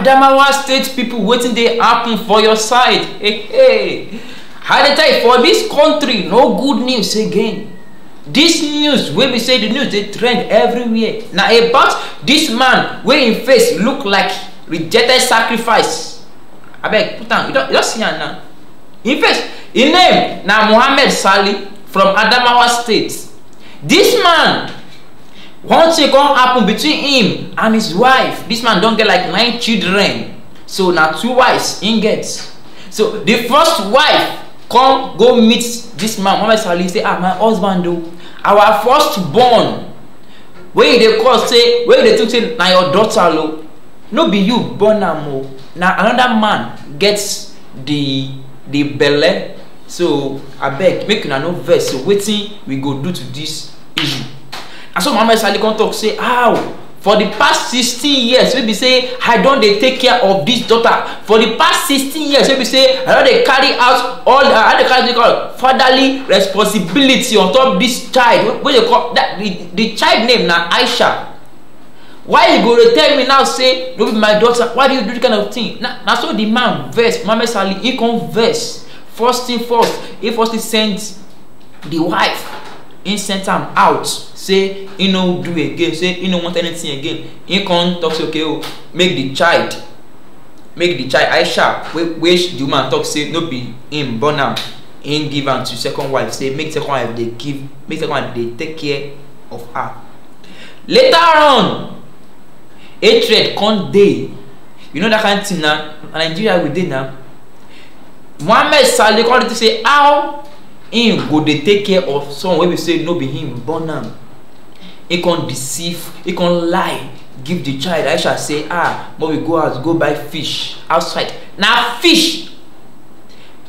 adamawa state people wetin dey happen for your side hey eh, eh. hey i for dis country no good news again dis news wey be say di news dey trend everywhere na about dis man wey im face look like rejected sacrifice abeg put am you don see am now im face im name na mohammed sali from adamawa state dis man one thing come happen between him and his wife This man don get like nine children so na two wives him get so the first wife come go meet this man muhammad salih say ah my husband o our first born wey you dey call say wey you dey think say na your daughter lo, no be you born am o oh. na another man get the the belle so abeg make una no vex so wetin we go do to this issue na so Mama Sally come talk say how for the past sixteen years wey be say i don dey take care of this daughter for the past sixteen years wey be say i don dey carry out all the i don dey carry the call fatherly responsibility on top this child wey dey call that the the child name na aisha why you go dey tell me now say no be my daughter why do you do this kind of thing na na so the man vex Mama Sally. he come vex first thing first he first send the wife him sent am out say he no do again say he no want anything again he come talk say okay o oh, make the child make the child aisha wey wey the woman talk say no be him born am he give am to second wife say make second wife dey give make second wife dey take care of her later on hatred come dey you know that kind of thing na nigeria we dey na mohammed saleh come dey talk say how him go dey take care of someone wey be say no be him born am he con deceive he con lie give the child aisha say ah but we go house go buy fish outside na fish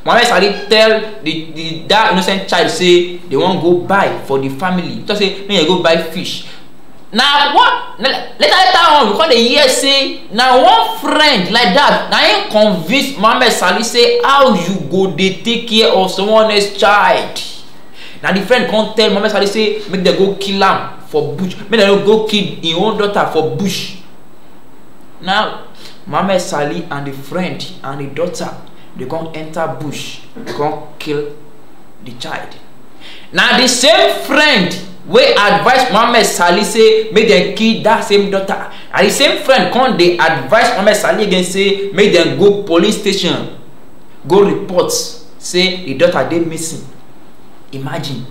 mohammed sadi tell the the that innocent child say they wan go buy for the family he talk say make dem go buy fish na what later later on we come dey hear say na one friend like that na him convince mohammed sali say how you go dey take care of someone else child na the friend come tell mohammed sali say make dem go kill am for bush make dem go kill him own daughter for bush now mohammed sali and the friend and the daughter dey come enter bush dey come kill the child na the same friend wey advice mohammed sali say make dem kill dat same daughter and di same friend come dey advice mohammed sali again say make dem go police station go report say di daughter dey missing imagine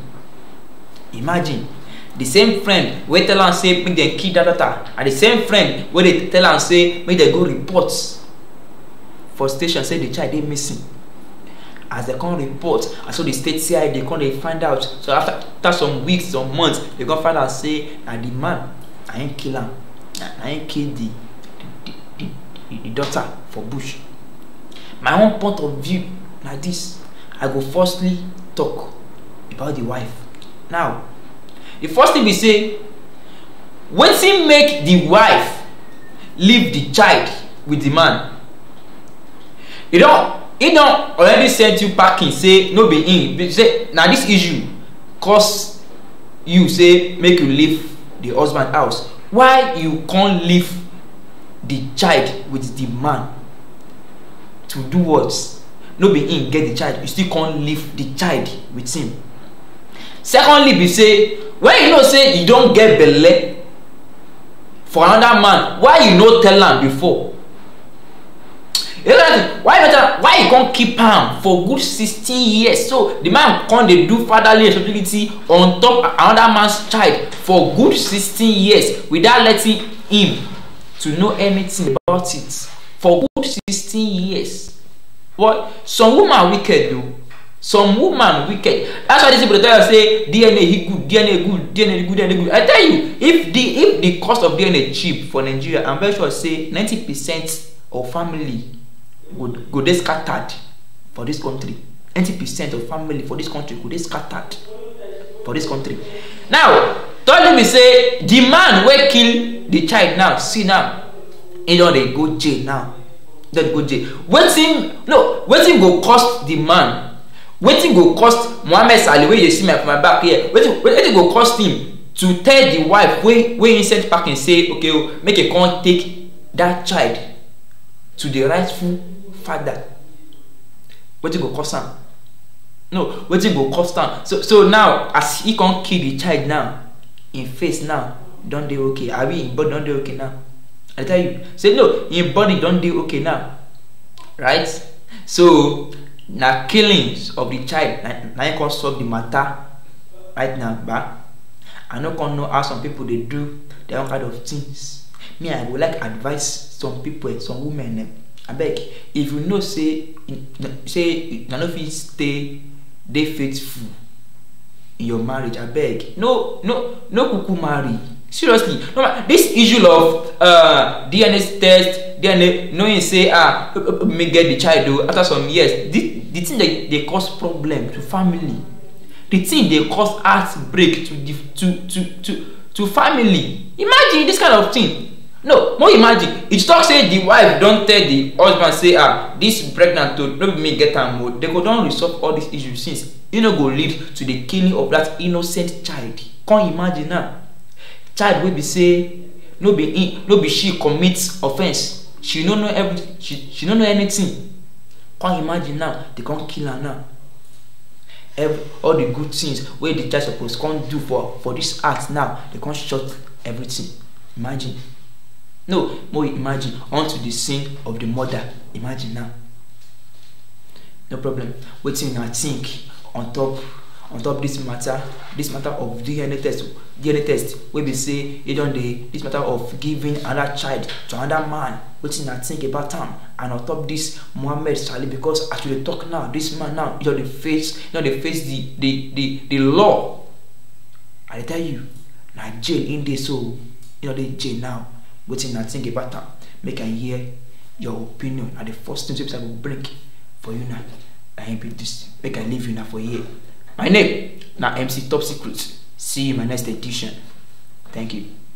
imagine di same friend wey tell am say make dem kill dat daughter and di same friend wey dey tell am say make dem go report for station say di child dey missing as they come report and so the state cid dey come dey find out so after after some weeks some months they come find out say na the man na him kill am na him kill the the daughter for bush my own point of view na this, i go firstly talk about the wife now the first thing be say wetin make the wife leave the child with the man you know. He don already send you packing say no be him say na this issue cause you say make you leave the husband house why you come leave the child with the man to do what no be him get the child you still come leave the child with him secondly be say when you know say you don get belle for another man why you no tell am before why better why you come keep am for good sixteen years so the man come dey do fatherly responsibility on top another man's child for good sixteen years without letting him to know anything about it for good sixteen years but some woman wicked oo some woman wicked that's why this people dey tell you say dna he good dna good dna good dna good i tell you if the if the cost of dna cheap for nigeria i'm very sure say ninety percent of family go dey scattered for dis country Eighty percent of family for dis country go dey scattered for dis country now tell me say di man wey kill di child now see now e don dey go jail now don go jail wetin no wetin go cost di man wetin go cost mohammed sali wey you see my my back here wetin wetin go cost him to tell di wife wey wey him send packing say okay o oh, make e come take dat child to the rightful father wetin go cause am no wetin go cost am so so now as he come kill the child now him face now don dey okay abi him body don dey okay now i tell you say no him body don dey okay now right so na killings of the child na him come solve the matter right now gba i no come know how some people dey do their own kind of things me i go like advise some people some women Eh? abeg if you know say say una no fit stay dey faithful in your marriage abeg no no no kuku marry seriously no this issue of uh, dna test dna knowing say ah me get the child o after some years the the thing dey dey cause problem to family the thing dey cause heartbreak to the to to to to family imagine this kind of thing no no imagine e talk say the wife don tell the husband say ah this pregnant to no be me get am o They go don resolve all these issues since e no go lead to the killing of that innocent child come imagine now child wey be say no be no be she commit offence she no know every she she no know anything come imagine now They come kill her now every all the good things wey the child suppose come do for for this earth now They come shut everything imagine No, more imagine unto the sin of the mother. Imagine now. No problem. Waiting I think on top on top this matter this matter of dna test dna test wey be say you e don dey this matter of giving another child to another man wetin i think about am and on top this mohammed sali because as we dey talk now this man now e don dey face e don dey face the the the the law i dey tell you na jail im dey so e don dey jail now wetin na think about am make i hear your opinion na the first things i go bring for you na i mean be dis make i leave you na for here my name na mc top secret see you in my next edition thank you.